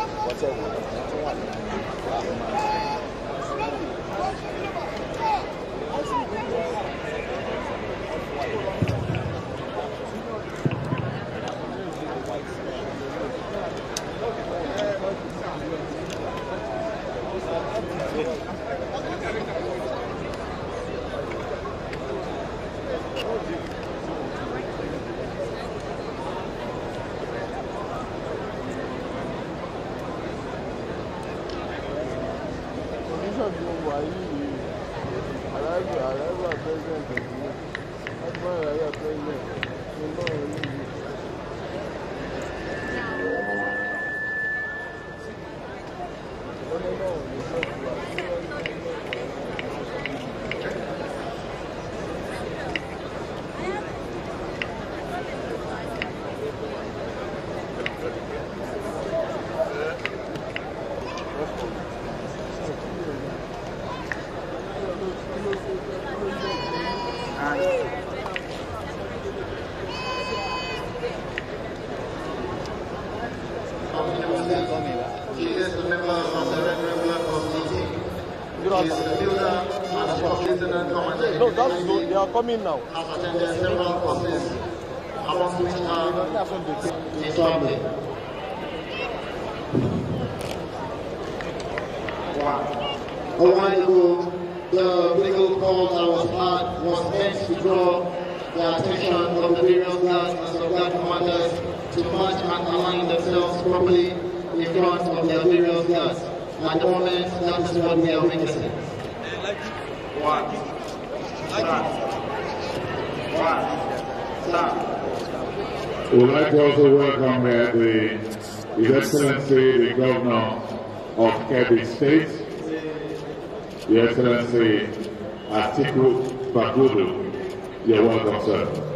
What's over? That's one. Uh, coming now. attended several courses, among which are A while ago, the legal call that was had was meant to draw the attention of the various guards and supply commanders to march and align themselves properly in front of their various guards. At the moment, that is what we are making. would like to also welcome uh, the, His Excellency, the Governor of Kebbi State, Your Excellency Atiku Bagudu. You're welcome, sir.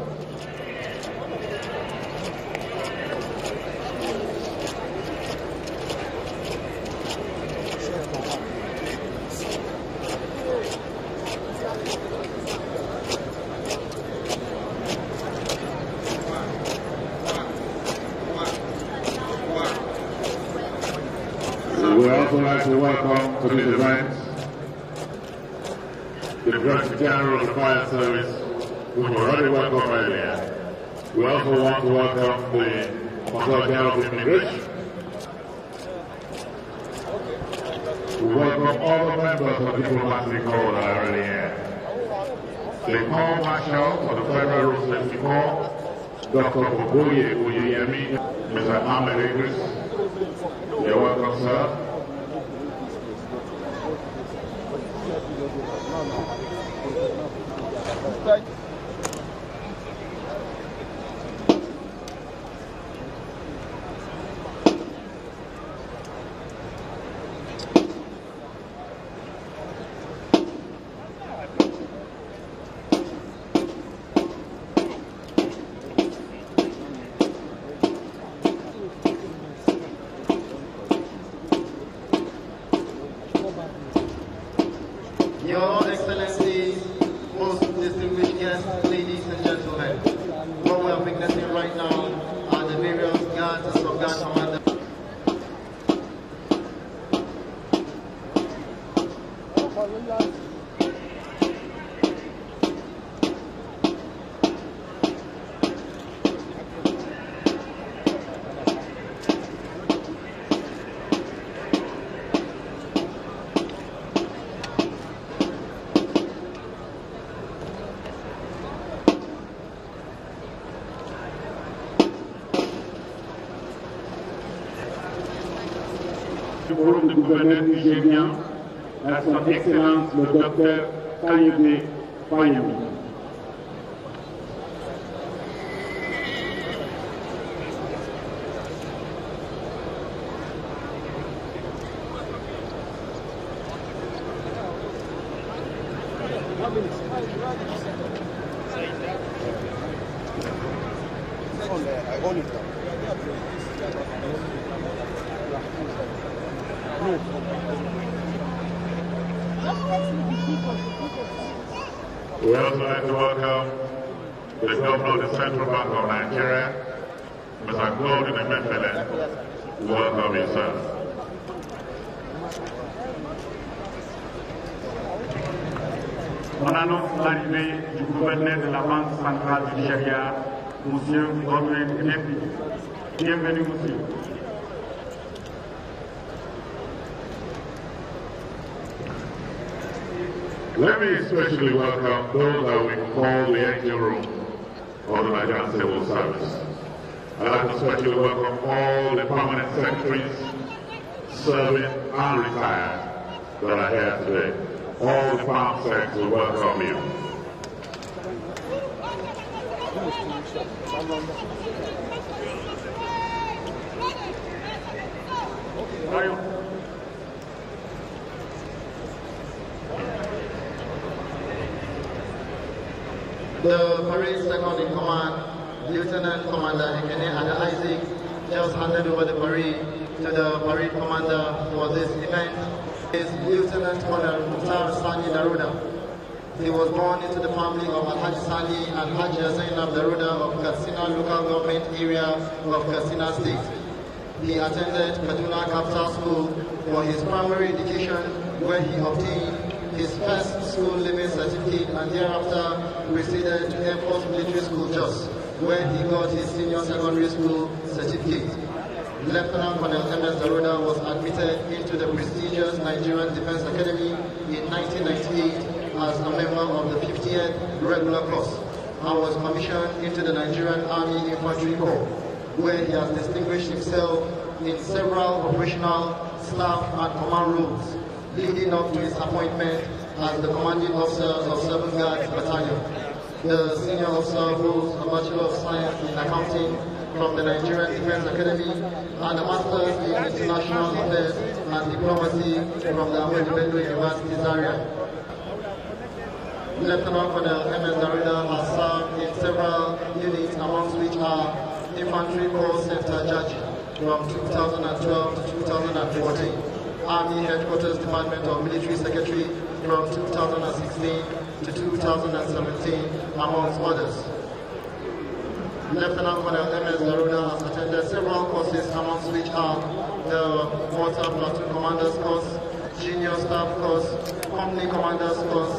Muharari Bank of We also want to welcome the Consul General English. We welcome all the members of Diplomatic Corps Iranian. The Corps Marshal for the Federal Road Corps, Dr. Oboye Oyeyemi, Mr. Ahmed Idris. You're welcome, sir. Thank you. nom du gouverneur Gévien, à son excellence le docteur Kayode Payamou. Let me especially welcome those that we call the engine room of the Nigerian Civil Service. I'd like to especially welcome all the permanent secretaries, serving and retired that are here today. All the farm sects will welcome you. Thank you. the Marine Second in Command, Lieutenant Commander Ekene and Isaac, just handed over the parade to the parade commander for this event is Lieutenant Colonel Mukhtar Sani Daruda. He was born into the family of Alhaji Sani and Hajia Zainab Daruda of Katsina local government area of Katsina state. He attended Kaduna Capital School for his primary education where he obtained his first School Limit Certificate and thereafter proceeded to Air Force Military School just where he got his senior secondary school certificate. Lieutenant Colonel MS Daroda was admitted into the prestigious Nigerian Defense Academy in 1998 as a member of the 50th regular Cross and was commissioned into the Nigerian Army Infantry Corps, where he has distinguished himself in several operational, staff, and command roles, leading up to his appointment as the commanding officer of 7th Guards Battalion, the senior officer holds a Bachelor of Science in Accounting from the Nigerian Defense Academy and a Master's in International Affairs and Diplomacy from the Ahmed Bello University Zaria. Lieutenant Colonel M.S. Darida has served in several units, amongst which are Infantry Corps Center Judge from 2012 to 2014, Army Headquarters Department of Military Secretary from 2016 to 2017, amongst others. Lieutenant Colonel M.S. Larunda has attended several courses, amongst which are the Water Platoon Commanders course, Junior Staff course, Company Commanders course,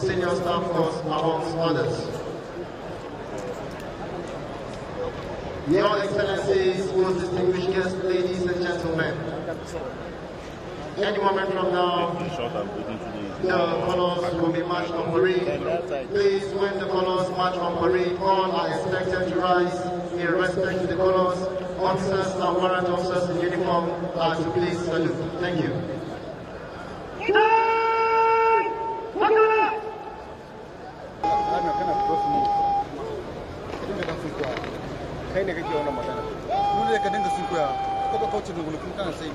Senior Staff course, amongst others. Your Excellencies, most distinguished guests, ladies and gentlemen, any moment from now, the colors will be matched on parade. Please, when the colors march on parade, all are expected to rise in respect to the colors. Officers and warrant officers in uniform are to please salute. Thank you. kai ne kake wannan magana mu ne ka dinga sun koya ko ba kauce da gulufin kana sai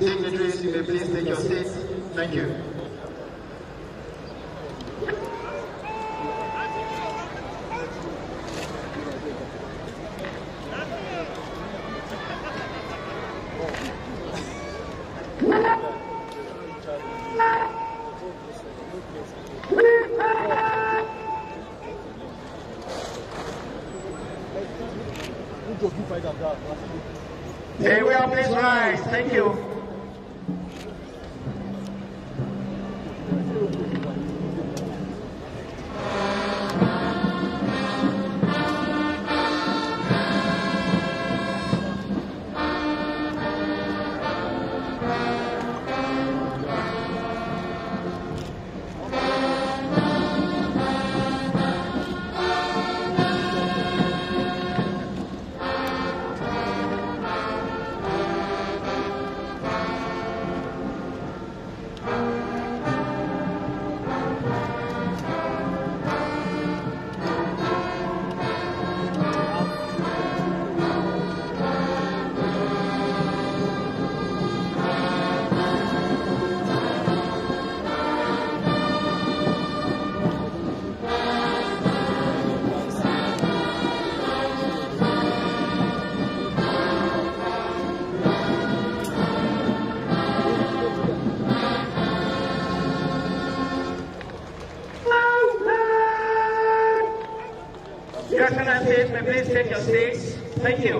Dignitaries, you may please take your seats. Thank you. your seats. Thank you.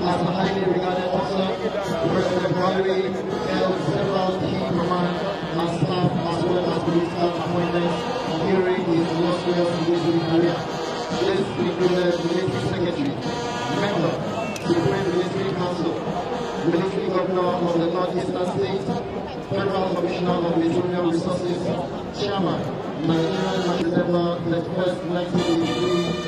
as a highly regarded officer, works for the Broadway, held several key command and as well as political appointments during his Los Angeles military career. This included military secretary, member, Supreme Military Council, military governor of the Northeastern State, federal commissioner of Petroleum resources, chairman, Nigerian National Network 1983,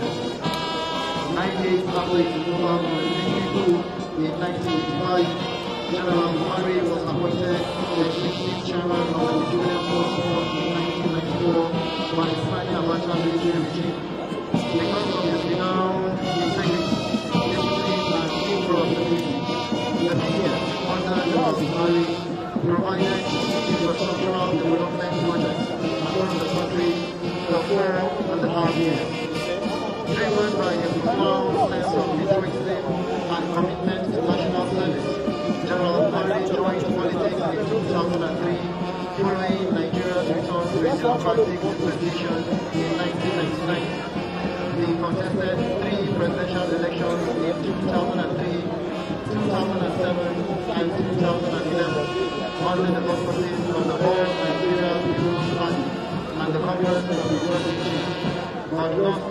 98 public in 1985. General Muhammad was appointed the chief chairman of the Nigerian Force in 1994 by military regime. Because of his renowned integrity, discipline, and team productivity, he appeared under General Buhari, provided infrastructural development projects across the country the poor and the RDF driven by a strong sense of patriotism and commitment to national service. General Buhari joined politics in 2003 following Nigeria's return to a democratic dispensation in 1999. He contested three presidential elections in 2003, 2007, and 2011 under the auspices of the All Nigeria People's Party and the Congress of the World But not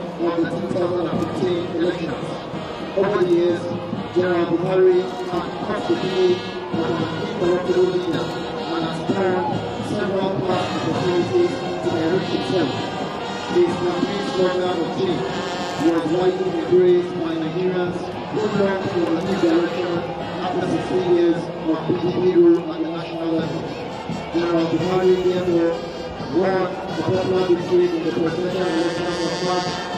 on the 2015 elections. Over the years, General Buhari has constituted as an incorruptible leader and has turned several past opportunities to enrich himself. His naive slogan of change was widely embraced by Nigerians who learned from a new direction after 16 years of PDP rule at the national level. General Buhari therefore won the popular victory in the presidential election of March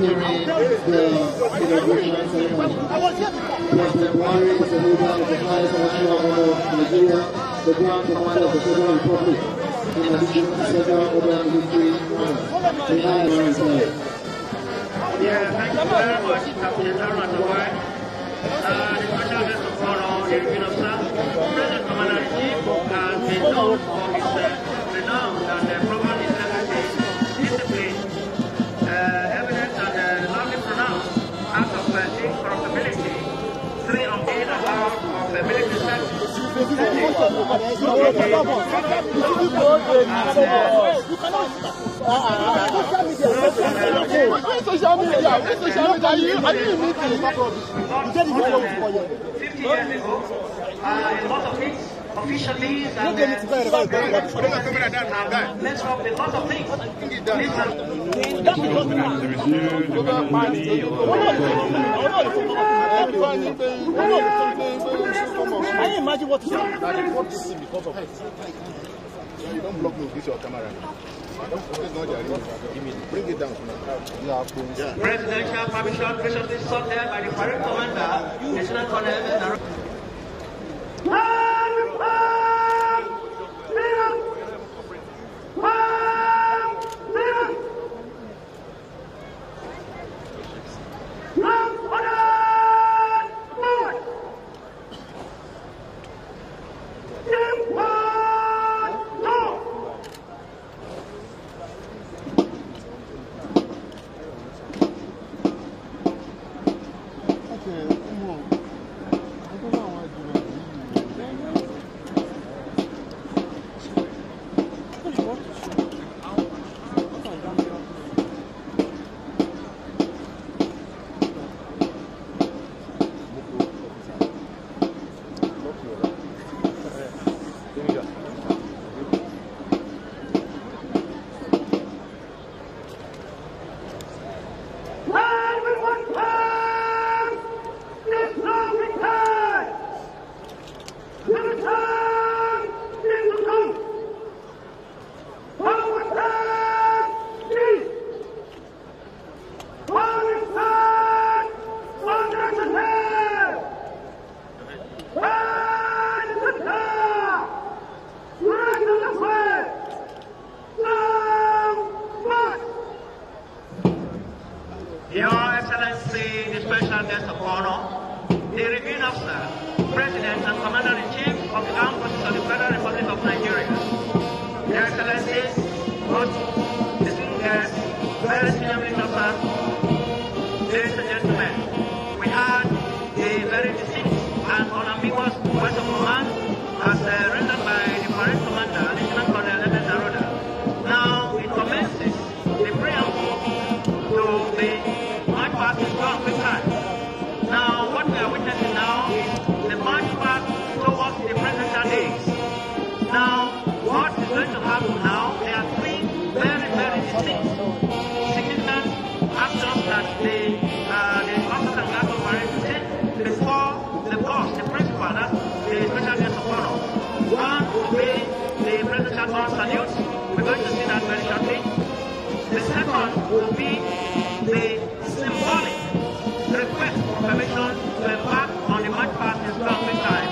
Timmy, the, you the highest Nigeria, the commander of the Federal Republic, in addition to several other military honors. Yeah, thank you very much, Captain Uh, the of honor, the of This You are stubborn. You should go to You cannot. Social media. Where social social media? a lot of things. Officially, and uh, let's hope a lot of things. I uh, imagine what is happening because of it. You don't block me with your camera. Bring it down. Yeah. Presidential permission graciously sought there by the parade commander, Lieutenant Colonel the Saffron Salute. We're going to see that very shortly. The second will be the symbolic request for permission to embark on the march past in Strong time.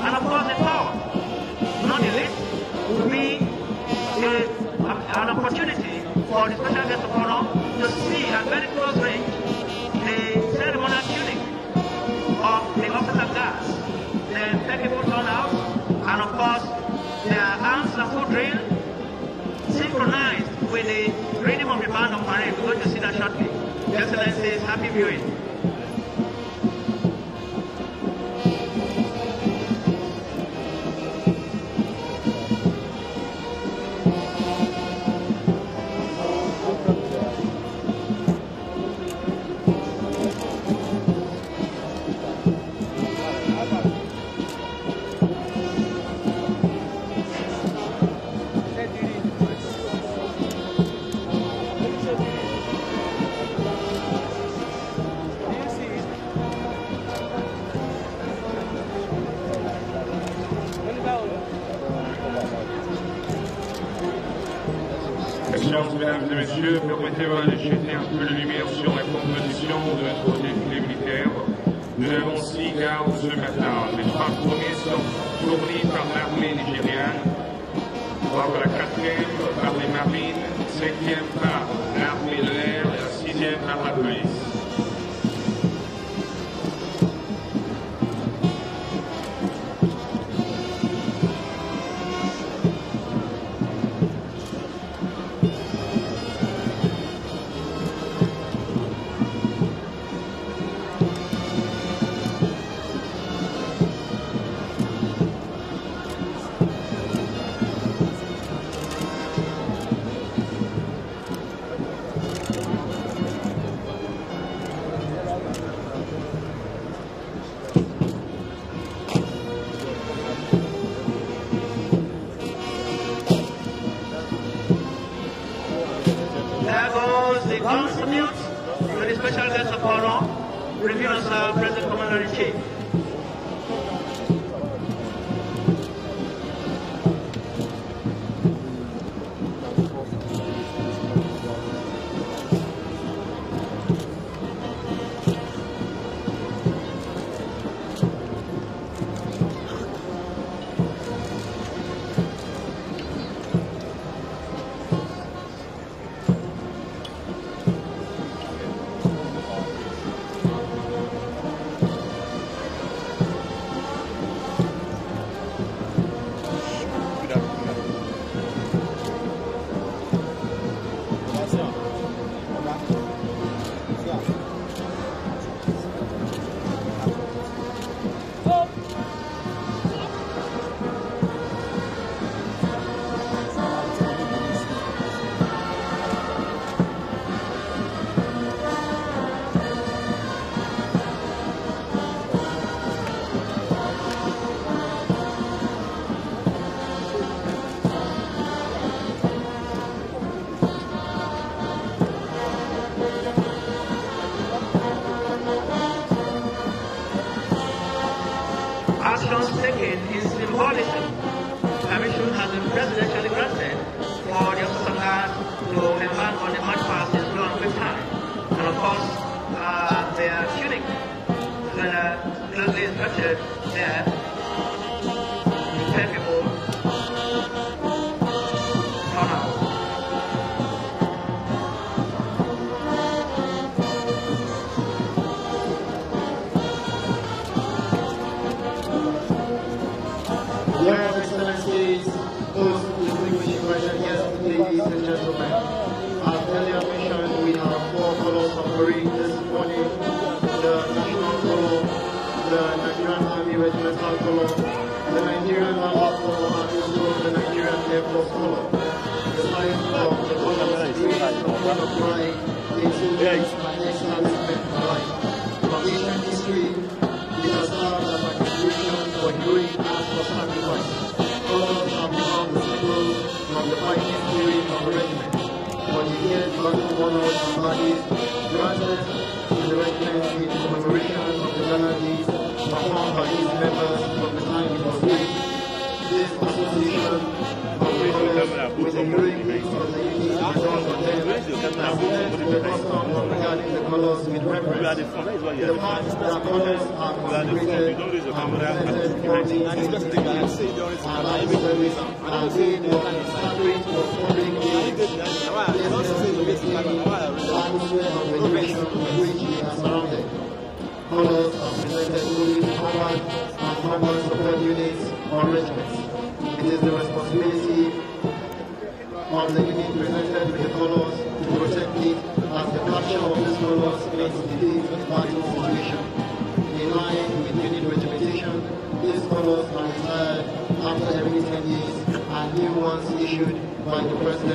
And of course the third, not least, will be an opportunity for the special guest of to see at very close range the ceremonial tuning of the officer guards, the technical turnout, and of course their arms are full drill synchronized with the rhythm of the band of parade. We're going to see that shortly. Your Excellency happy viewing. conventions. It is the responsibility of the unit presented with the colors to protect it as the capture of these colors makes the difficult situation. In line with unit regimentation, these colors are retired after every 10 years and new ones issued by the President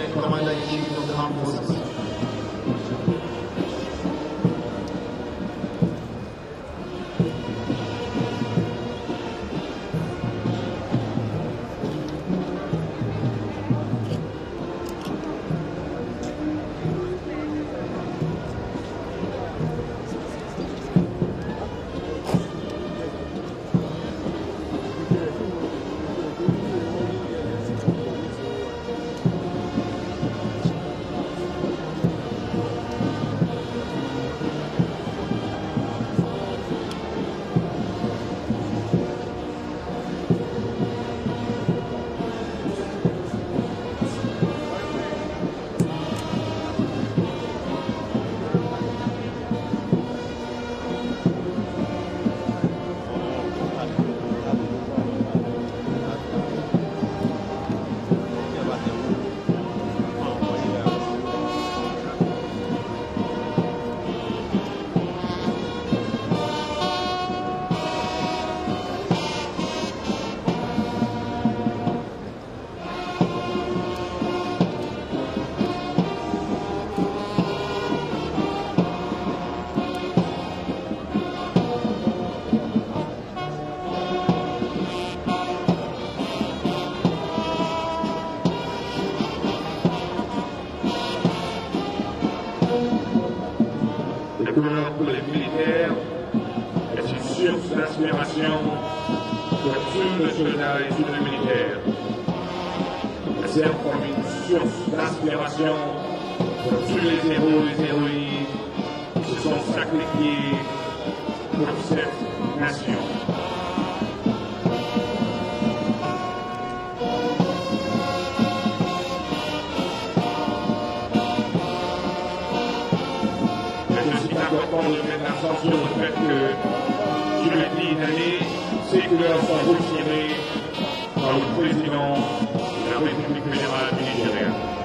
par le président de la République fédérale du Nigeria.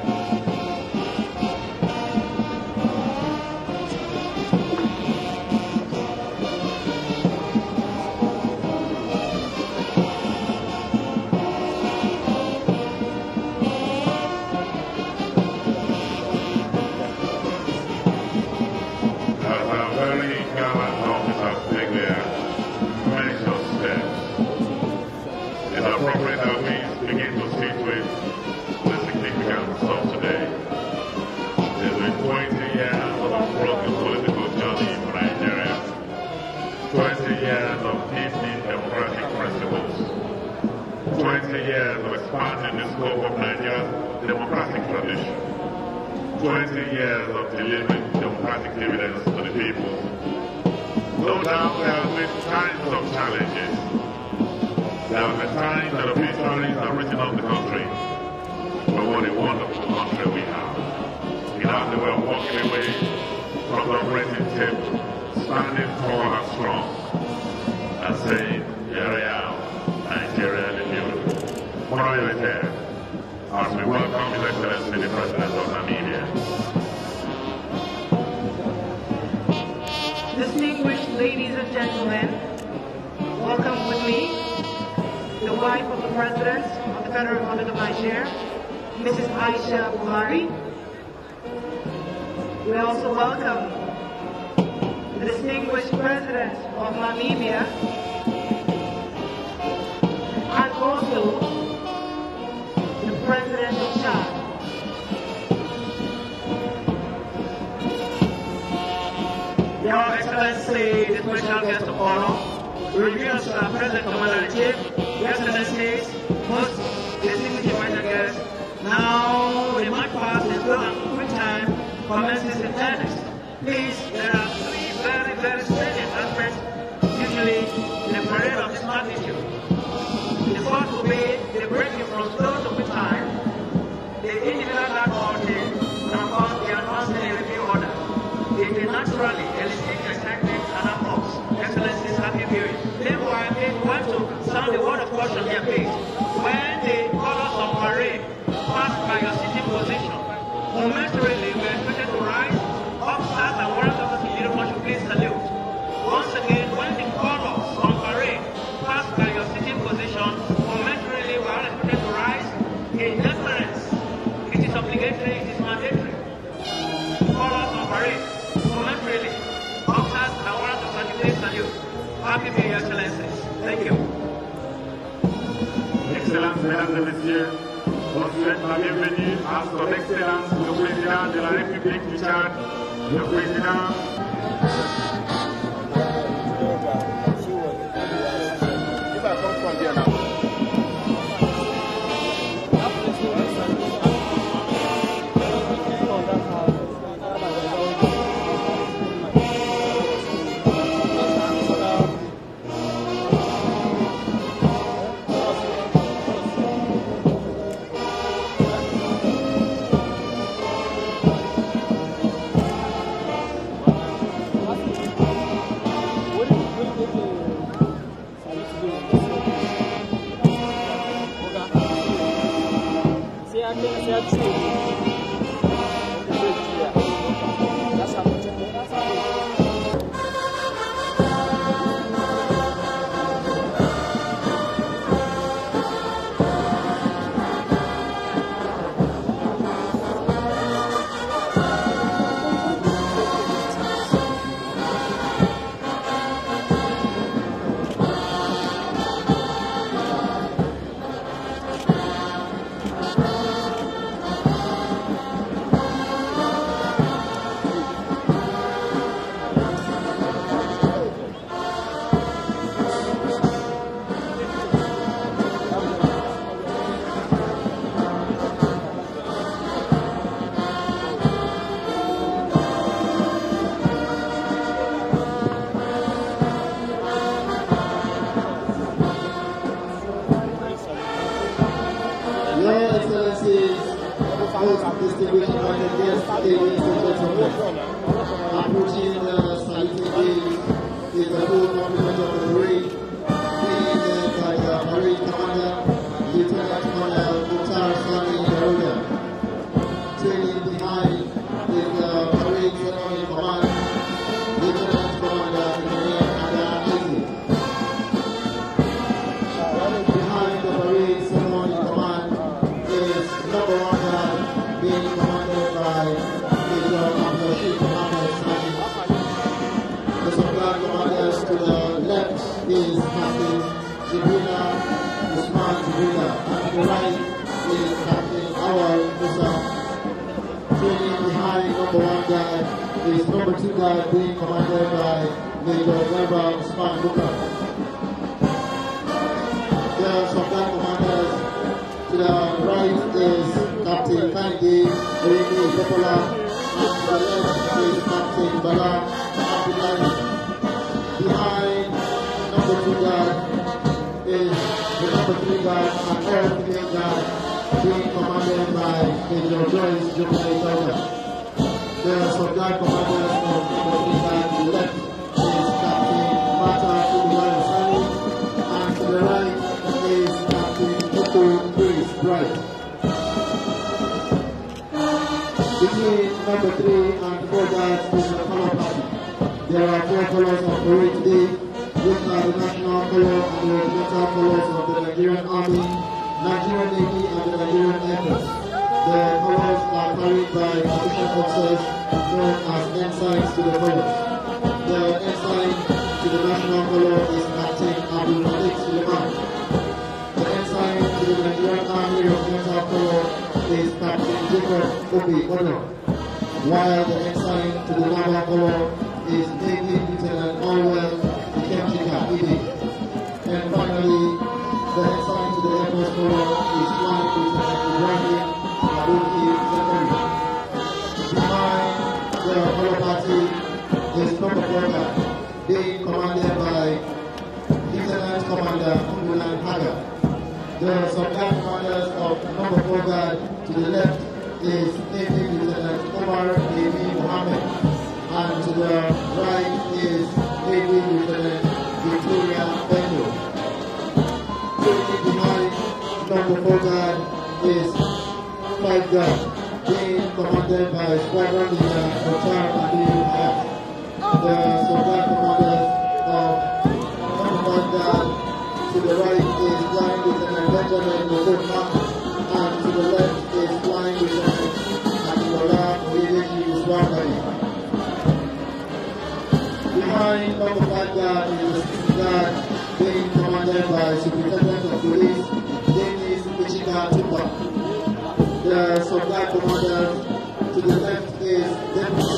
in the scope of Nigeria's democratic tradition. 20 years of delivering democratic dividends to the people. No doubt there have been times of challenges. There have been times that the victories are written on the country. But what a wonderful country we have. We that they walking away from the operating table, standing tall and strong, and saying, We welcome the Distinguished ladies and gentlemen, welcome with me the wife of the President of the Federal Republic of Nigeria, Mrs. Aisha Buhari. We also welcome the distinguished President of Namibia, and your Excellency, distinguished guest of honor, reveals uh, President Commander-in-Chief, Your Excellencies, most distinguished guests, now the march past is done quick time commences in earnest. Please, there are three very, very salient aspects usually in a parade of this magnitude. The first will be the breaking from slow to quick time individual land boundaries above the advisory review order. It naturally elicit excitement and applause. Excellencies, happy viewing. Therefore, I want to sound a word of caution here, please. When the colors of parade pass by your sitting position, momentarily, mesdames et messieurs, on souhaite la bienvenue à son Excellence le Président de la République du Tchad, le Président being commanded by The to the left is Captain The Usman Jibrila, and to the right is Captain Awal Musa. behind number one guy is number two guy being commanded by The supply commanders to the right is Captain Kandi Remy Popola, left is Captain Bala Behind number two guard is the number three guard and all three guard being commanded by Major Joyce Jumai There are some guard commanders from number left. three, number three, and before that is the color pattern. There are four colors of parade today. These are the national color and the regimental colors of the Nigerian Army, Nigerian Navy, and the Nigerian Air Force. The colors are carried by official officers known as ensigns to the colors. The ensign to the national color is Captain Abdul Malik Suleiman. The Nigerian Army is Captain Jacob the ensign to the Lava Color is Lieutenant And finally, the ensign to the is Lieutenant Ibrahim Abuki Zakari. Behind the Color Party is being commanded by Lieutenant Commander Kumbulan there are some other corners of number four guard to the left is AP Lieutenant Omar A.B. Mohammed, and to the right is AP Lieutenant uh, Victoria Benyo. Currently behind number four guard is five guard, being commanded by Squadron Leader Bashar Ali Hayat. The supply commanders of number five guard to the right is blind Flying Lieutenant Benjamin Fortman, and to the left is blind Flying Lieutenant Akinola Oyedeki Uswakari. Behind number five guard is the guard being commanded by Superintendent of Police, Dennis Ichika Tupa. The supply commander to the left is Deputy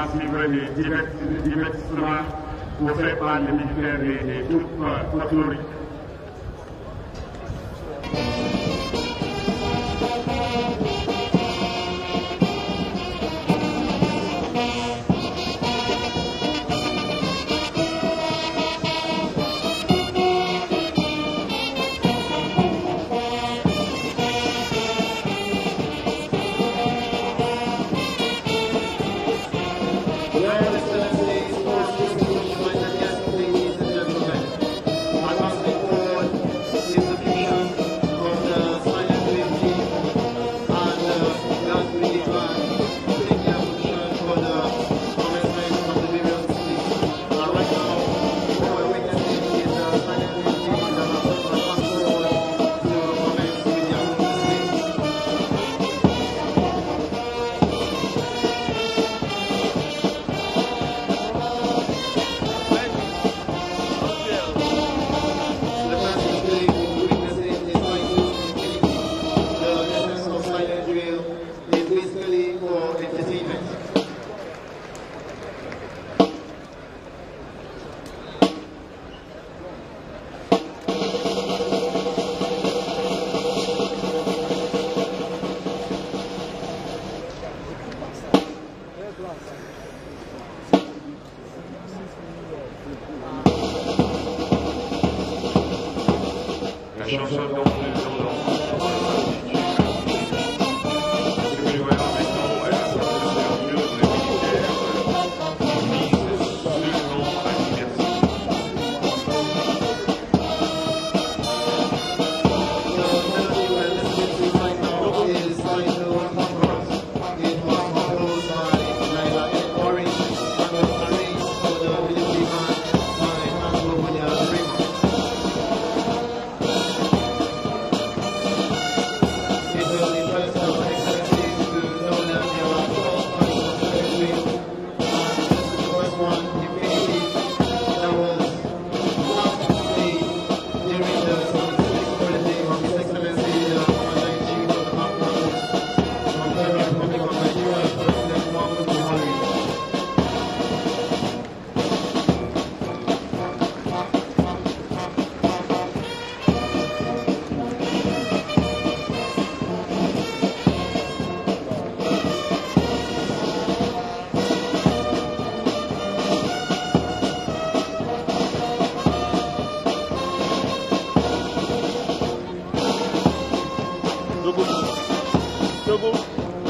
à suivre les divertissements faire par les militaires et, et toute euh,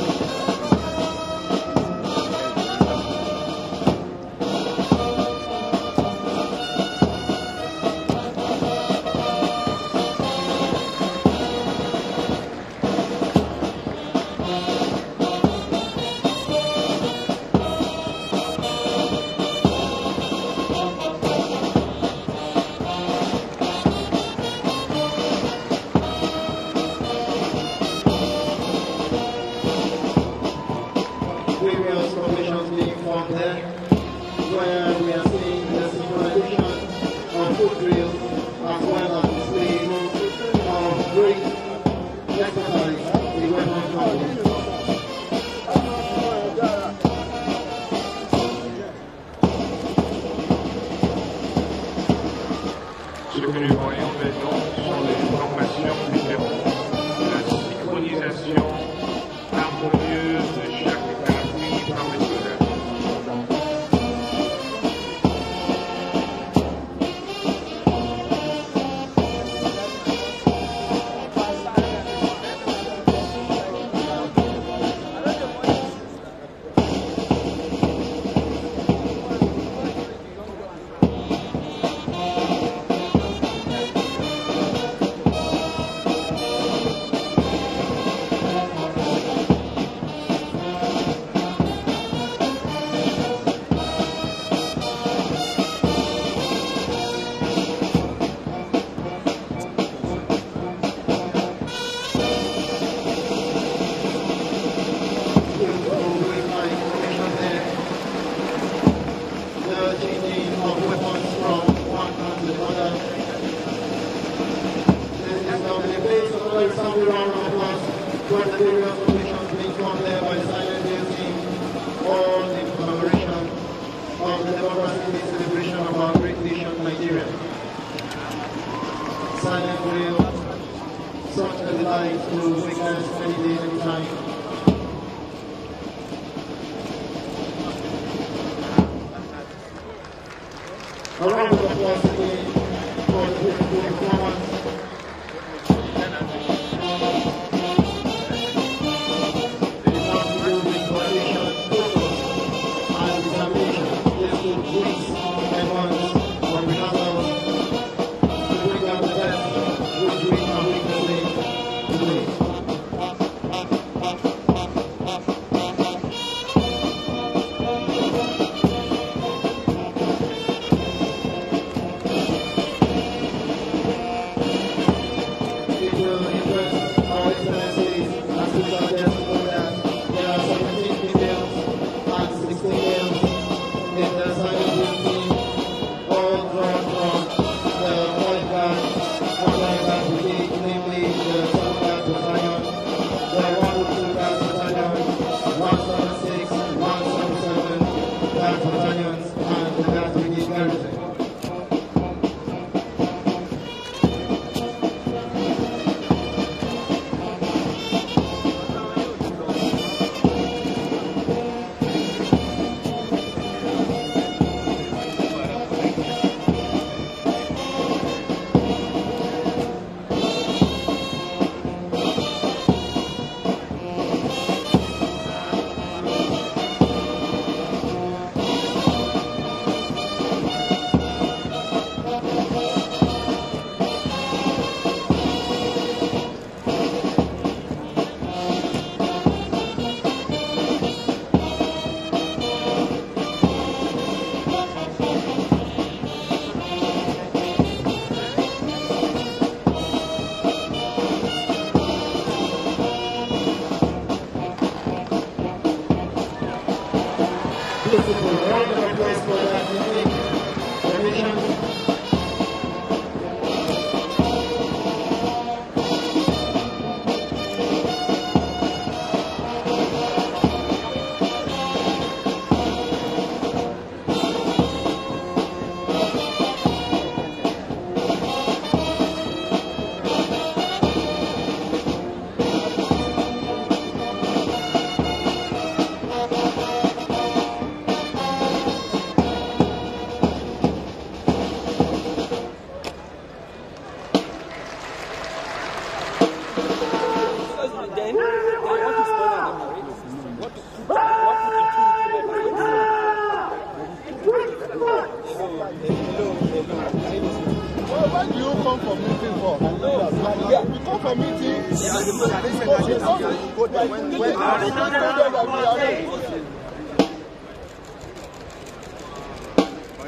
Thank you.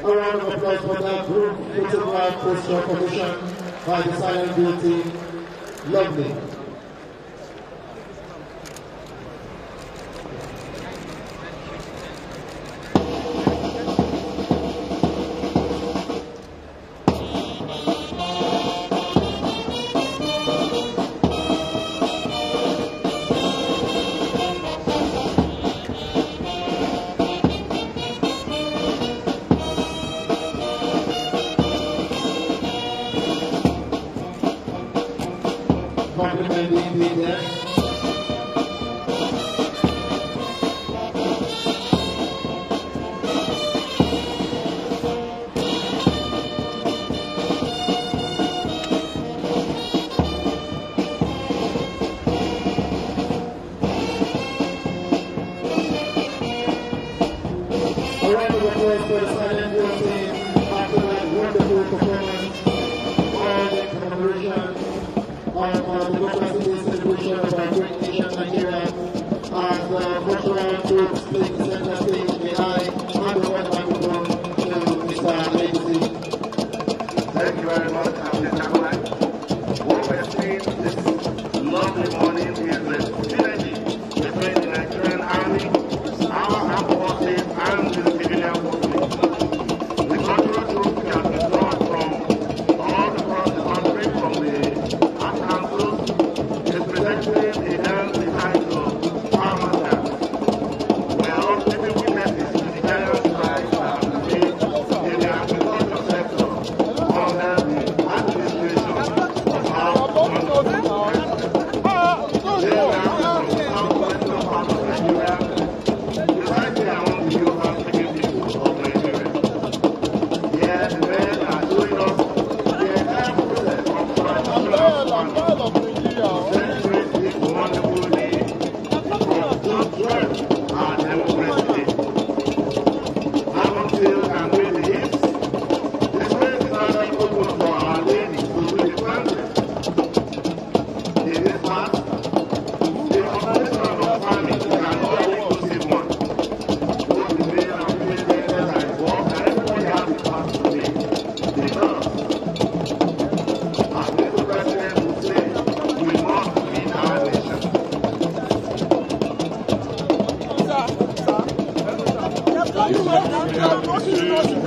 A round of applause for that group. It's a grand poster commission by the silent beauty. Lovely.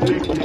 Thank you.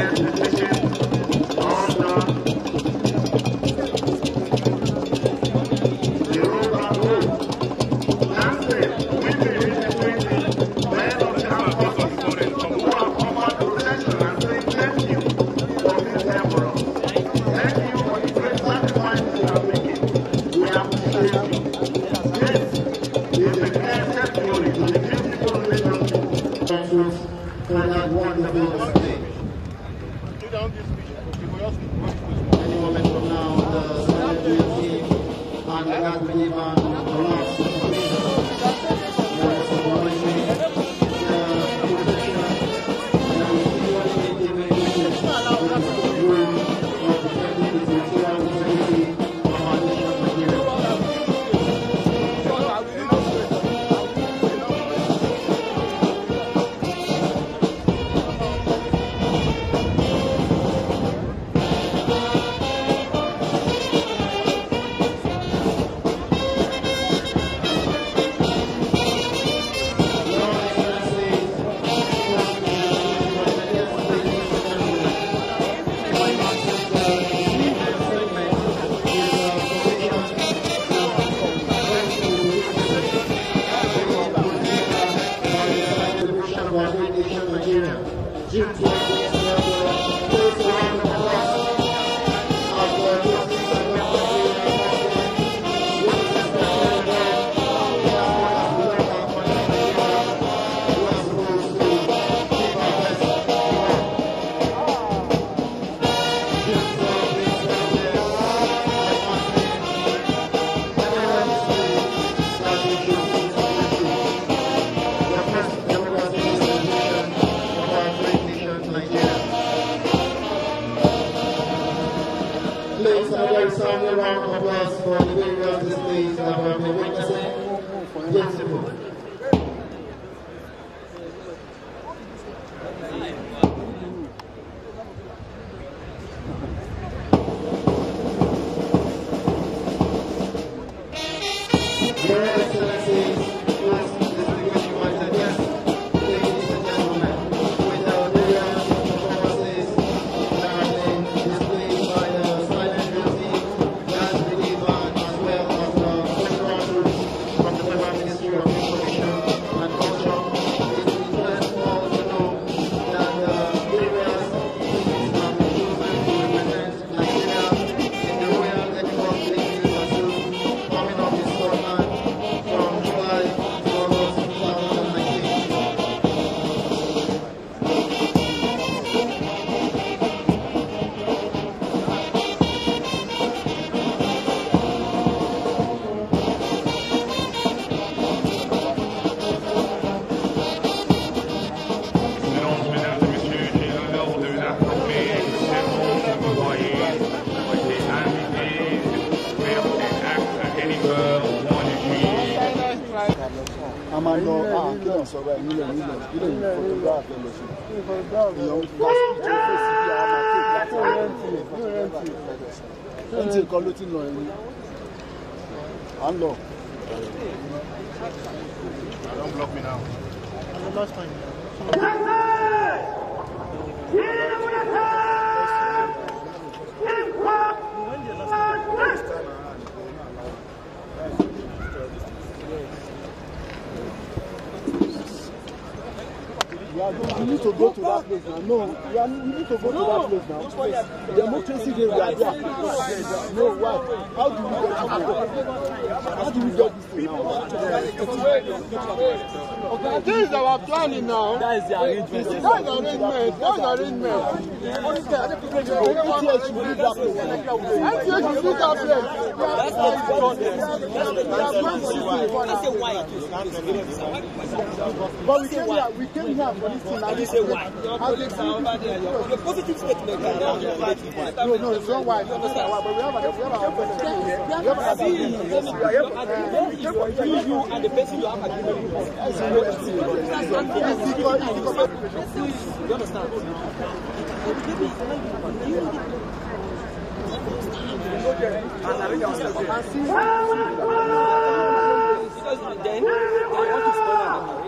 Yes, no We, are, we need to go no. to that place now. Democracy day, we are there. No, why? How do we get to go? How do we get this thing now? This is our planning now. That is the arrangement. That is the arrangement. That is the arrangement. NTS should leave that place. NTS should leave that place. That's not the problem. That's the problem. That's the why it is. But we came here, we came here for this thing. And you say why? And they see over there. Your positive statement No, no, it's not why. It's why. But we have a, we have a You question here. You have a question here. You and the person you have agreement with. It's because, you understand? Because then, I want to spoil my marriage.